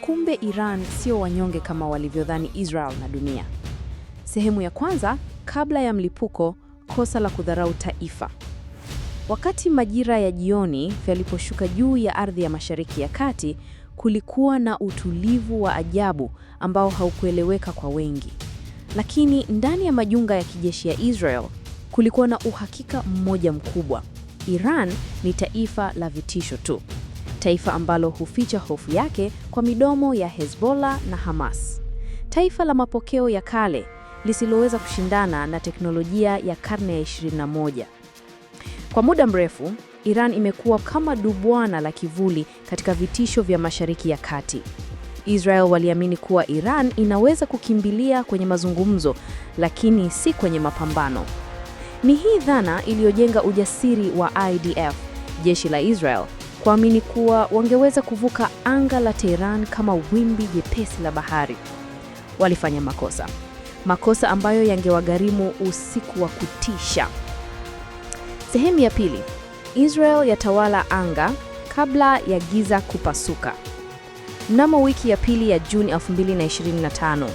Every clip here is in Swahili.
Kumbe Iran sio wanyonge kama walivyodhani Israel na dunia. Sehemu ya kwanza, kabla ya mlipuko, kosa la kudharau taifa. Wakati majira ya jioni yaliposhuka juu ya ardhi ya Mashariki ya Kati, kulikuwa na utulivu wa ajabu ambao haukueleweka kwa wengi. Lakini ndani ya majunga ya kijeshi ya Israel kulikuwa na uhakika mmoja mkubwa. Iran ni taifa la vitisho tu taifa ambalo huficha hofu yake kwa midomo ya Hezbollah na Hamas, taifa la mapokeo ya kale lisiloweza kushindana na teknolojia ya karne ya 21. Kwa muda mrefu, Iran imekuwa kama dubwana la kivuli katika vitisho vya Mashariki ya Kati. Israel waliamini kuwa Iran inaweza kukimbilia kwenye mazungumzo, lakini si kwenye mapambano. Ni hii dhana iliyojenga ujasiri wa IDF, jeshi la Israel kuamini kuwa wangeweza kuvuka anga la Tehran kama wimbi jepesi la bahari. Walifanya makosa, makosa ambayo yangewagharimu usiku wa kutisha. Sehemu ya pili: Israel yatawala anga kabla ya giza kupasuka. Mnamo wiki ya pili ya Juni 2025,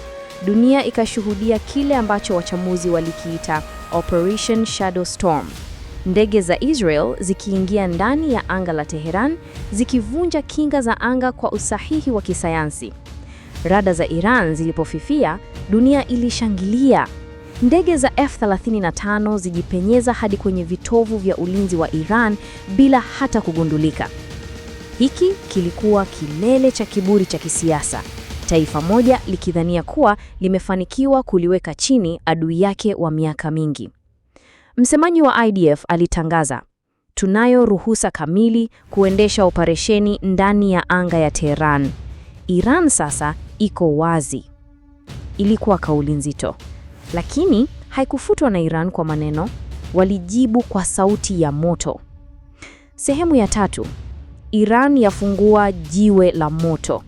dunia ikashuhudia kile ambacho wachamuzi walikiita Operation Shadow Storm ndege za Israel zikiingia ndani ya anga la Teheran zikivunja kinga za anga kwa usahihi wa kisayansi. Rada za Iran zilipofifia, dunia ilishangilia. Ndege za F-35 zijipenyeza hadi kwenye vitovu vya ulinzi wa Iran bila hata kugundulika. Hiki kilikuwa kilele cha kiburi cha kisiasa, taifa moja likidhania kuwa limefanikiwa kuliweka chini adui yake wa miaka mingi. Msemaji wa IDF alitangaza, tunayo ruhusa kamili kuendesha operesheni ndani ya anga ya Tehran. Iran sasa iko wazi. Ilikuwa kauli nzito, lakini haikufutwa na Iran kwa maneno, walijibu kwa sauti ya moto. Sehemu ya tatu, Iran yafungua jiwe la moto.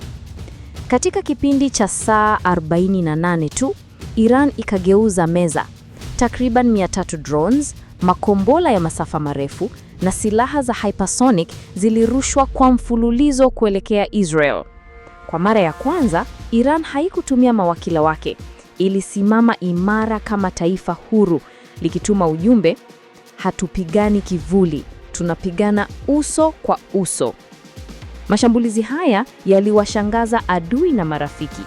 Katika kipindi cha saa 48 tu, Iran ikageuza meza takriban 300 drones, makombola ya masafa marefu na silaha za hypersonic zilirushwa kwa mfululizo kuelekea Israel. Kwa mara ya kwanza, Iran haikutumia mawakila wake. Ilisimama imara kama taifa huru, likituma ujumbe, hatupigani kivuli, tunapigana uso kwa uso. Mashambulizi haya yaliwashangaza adui na marafiki.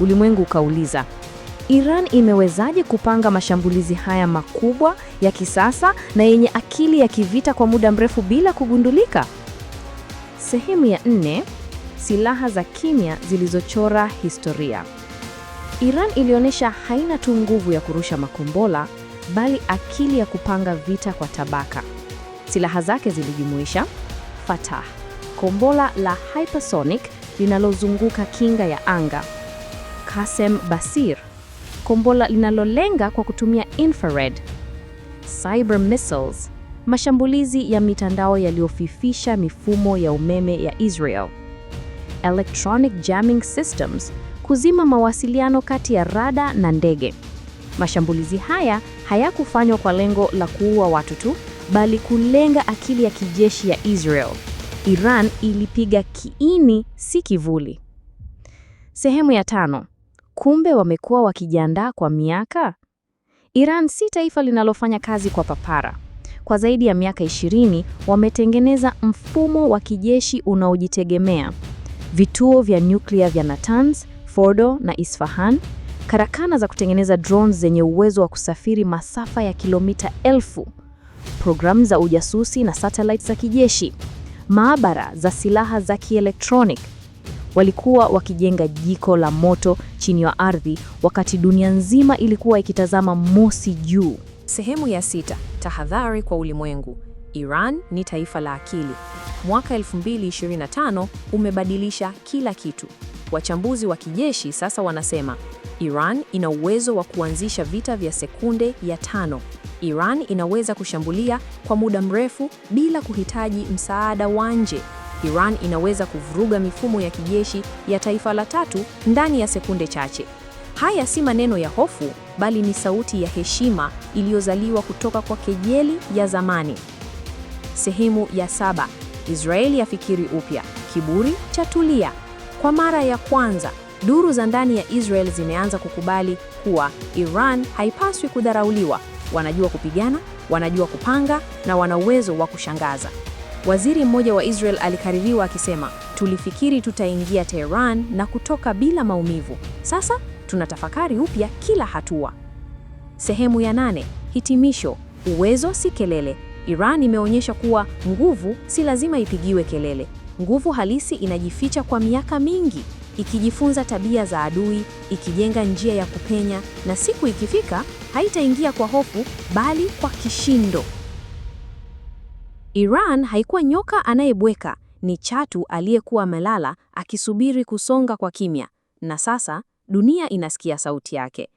Ulimwengu ukauliza, Iran imewezaje kupanga mashambulizi haya makubwa ya kisasa na yenye akili ya kivita kwa muda mrefu bila kugundulika? Sehemu ya nne: silaha za kimya zilizochora historia. Iran ilionyesha haina tu nguvu ya kurusha makombola, bali akili ya kupanga vita kwa tabaka. Silaha zake zilijumuisha Fatah, kombola la hypersonic linalozunguka kinga ya anga, kasem Basir kombola linalolenga kwa kutumia infrared, cyber missiles, mashambulizi ya mitandao yaliyofifisha mifumo ya umeme ya Israel, electronic jamming systems, kuzima mawasiliano kati ya rada na ndege. Mashambulizi haya hayakufanywa kwa lengo la kuua watu tu, bali kulenga akili ya kijeshi ya Israel. Iran ilipiga kiini, si kivuli. Sehemu ya tano kumbe wamekuwa wakijiandaa kwa miaka. Iran si taifa linalofanya kazi kwa papara. Kwa zaidi ya miaka 20 wametengeneza mfumo wa kijeshi unaojitegemea: vituo vya nyuklia vya Natanz, Fordo na Isfahan, karakana za kutengeneza drones zenye uwezo wa kusafiri masafa ya kilomita elfu, programu za ujasusi na satellite za kijeshi, maabara za silaha za kielektronic Walikuwa wakijenga jiko la moto chini ya ardhi, wakati dunia nzima ilikuwa ikitazama mosi juu. Sehemu ya sita: tahadhari kwa ulimwengu. Iran ni taifa la akili. Mwaka 2025 umebadilisha kila kitu. Wachambuzi wa kijeshi sasa wanasema Iran ina uwezo wa kuanzisha vita vya sekunde ya tano. Iran inaweza kushambulia kwa muda mrefu bila kuhitaji msaada wa nje. Iran inaweza kuvuruga mifumo ya kijeshi ya taifa la tatu ndani ya sekunde chache. Haya si maneno ya hofu, bali ni sauti ya heshima iliyozaliwa kutoka kwa kejeli ya zamani. Sehemu ya saba: Israeli yafikiri upya, kiburi cha Tulia. Kwa mara ya kwanza, duru za ndani ya Israel zimeanza kukubali kuwa Iran haipaswi kudharauliwa. Wanajua kupigana, wanajua kupanga na wana uwezo wa kushangaza. Waziri mmoja wa Israel alikaririwa akisema, tulifikiri tutaingia Tehran na kutoka bila maumivu. Sasa tunatafakari upya kila hatua. Sehemu ya nane, hitimisho. Uwezo si kelele. Iran imeonyesha kuwa nguvu si lazima ipigiwe kelele. Nguvu halisi inajificha kwa miaka mingi, ikijifunza tabia za adui, ikijenga njia ya kupenya, na siku ikifika haitaingia kwa hofu, bali kwa kishindo. Iran haikuwa nyoka anayebweka, ni chatu aliyekuwa amelala akisubiri kusonga kwa kimya, na sasa dunia inasikia sauti yake.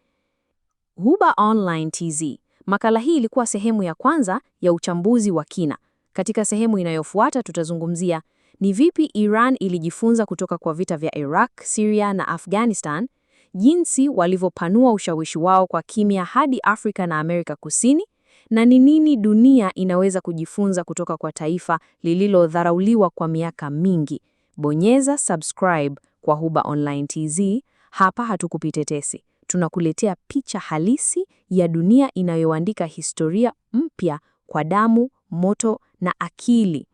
Hubah Online TZ. Makala hii ilikuwa sehemu ya kwanza ya uchambuzi wa kina. Katika sehemu inayofuata tutazungumzia ni vipi Iran ilijifunza kutoka kwa vita vya Iraq, Syria na Afghanistan, jinsi walivyopanua ushawishi wao kwa kimya hadi Afrika na Amerika Kusini, na ni nini dunia inaweza kujifunza kutoka kwa taifa lililodharauliwa kwa miaka mingi. Bonyeza subscribe kwa Hubah Online TZ. Hapa hatukupitetesi, tunakuletea picha halisi ya dunia inayoandika historia mpya kwa damu, moto na akili.